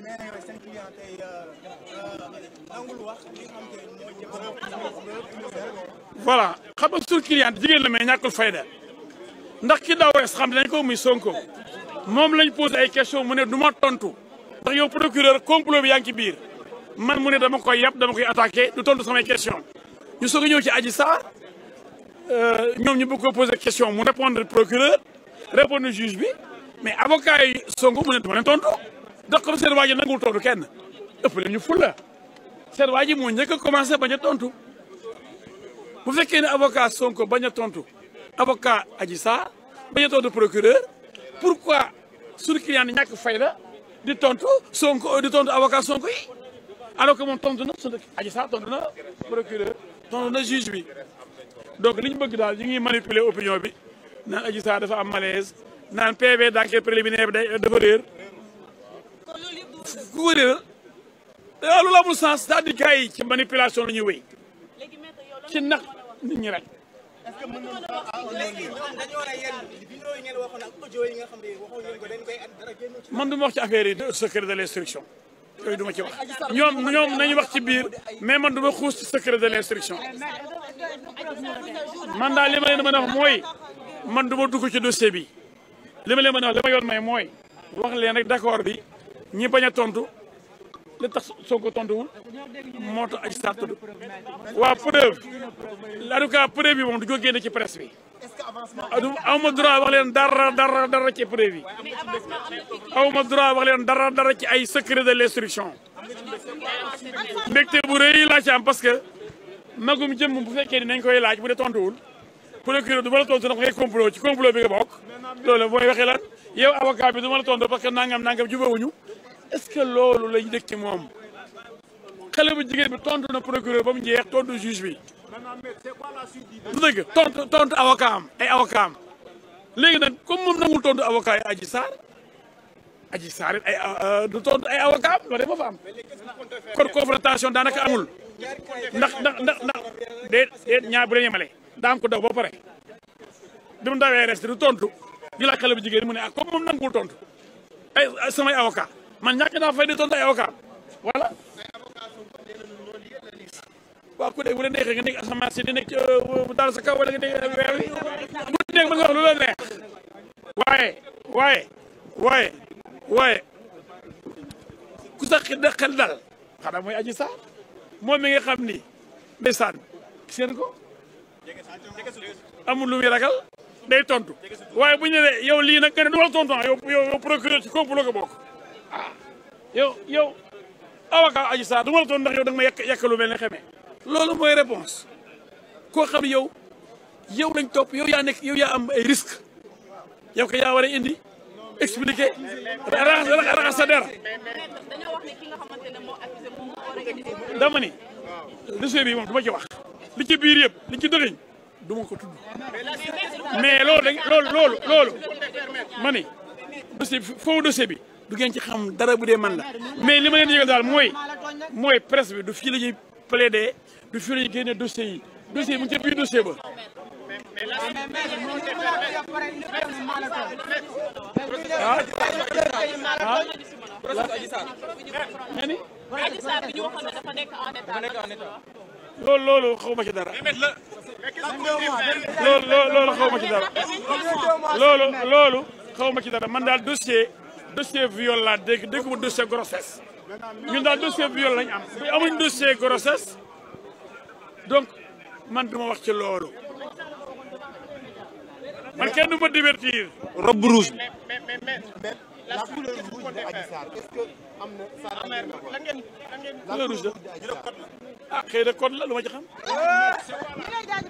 nee xam te mooy jëm voilà xam nga suñu jigéen la mais ñàkkul fayda ndax ki daaw wees xam ko muy Sonko moom lañ posé ay question mu ne duma tontu ndax yow procureur complot bi yaa ci biir man mu ne dama koy yàpp dama koy attaqué du tontu samay question ñu soog a ñëw ci aji Sarr euh, ñoom ñu bëgg ko mu répondre procureur répondre juge bi mais avocat yi Sonko mu ne dama leen tontu doqam seen waa ji nanguwul tontu kenn ëpp leen ñu fulla seen waa ji moo njëkk a commencé bañ a tontu bu fekkee ne avocat Sonko bañ a tontu avocat aji Sarr bañ a tontu procureur pourquoi suñu client ni ñàkk fay la di tontu Sonko di tontu avocat Sonko yi alors que moom tontu na suñu Adji Sarr tontu na procureur tontu na juge bi donc li ñu bëgg daal ñu ngi manipuler opinion bi naan Adji Sarr dafa am malaise naan PV d'enquête préliminaire bi day dafa réer ku ko réeral eh, dañoo lu la amul sens c'est-à-dire gars yi ci manipulation la ñuy wéy ci nax nit ñi rek. est-ce que mën nañu ko man du ma wax ci affaire yi secret de l'instruction yooyu du ma ci wax ñoom ñoom nañu wax ci biir mais man du ma xuus ci secret de l'instruction man daal li ma leen wax mooy man du ma dugg ci dossier bi li ma leen mën a wax li ma yoon may mooy wax leen rek d'accord bi. ñi bañ a tontu li tax Sonko tontuwul moo tax Adji Sarr tudd preuve en tout preuve moom du ko génne ci presse bi aw ma droit wax leen dara dara dara ci preuve yi aw ma droit wax leen dara dara ci ay secret de l'instruction mbégte bu rëy laa ci am parce que magum jëmm bu fekkee ni nañ koy laaj bu dee tontuwul procureur du ma la tontu ndax ngay complot ci complot bi nga bokk loolu mooy waxee lan yow avocat bi du ma la tontu parce que nangam nangam jubawuñu est que loolu lañ dëkk ci moom xale bu jigéen bi tontu na procureur ba mu jeex tontu juge bi du dëgg tontu tontu avocat am ay avocat léegi nag comme moom nangul tontu avocat ay euh, du tontu ay avocat am loolu de fa am kon confrontation daanaka amul ndax ndax ndax ndax déet déet ñaar bi jigéen mu ne ah comme moom nangul tontu ay samay avocat man ñàkk naa fay di tontu ay avocat voilà. waaw ku nekk bu la neexee nga nekk asamaan di nekk euh, daal sa kaw wala nga nekk weer wi bu nekk mën nga wax lu la neex waaye waaye waaye waaye ku sa xel dal xanaa mooy aji saar moom mi nga xam ni ndeysaan seen ko amul lu muy ragal day tontu waaye bu ñu ne yow lii nag nga ne du wal tontu ah, yow yow procureur ci complot nga bokk ah yow yow avocat Adji Sarr du ma la doon ndax yow da nga ma yàq yàqalu ne xamee loolu mooy réponse koo xam yow yow lañ topp yow yaa nekk yow yaa am ay yow ko yaa war a indi expliqué raxas raxas sa der dama ni dossier moom du ma ci wax li ci biir yëpp li ci dëgëñ du ma ko tudd mais loolu da dossier foofu dossier bi du ngeen ci xam dara bu dee man la mais li ma leen daal mooy mooy presse bi du fii la ñuy plaider du fii la ñuy génne dossier yi dossier bi mu ci biir dossier ba. ah loolu loolu xaw ma ci dara. loolu loolu xaw ma ci dara loolu loolu. xaw ma ci dara man daal dossier dossier viol laa dégg dégguma dossier grossesse ñun daal dossier viol lañ am bu amuñ dossier grossesse donc man duma wax ci loolu man kenn du ma divertir robe rouge la couleur rouge de Adji Sarr est-ce que am na Sarr lan ngeen lan ngeen ah xëy na code la lu ma ci xam eh!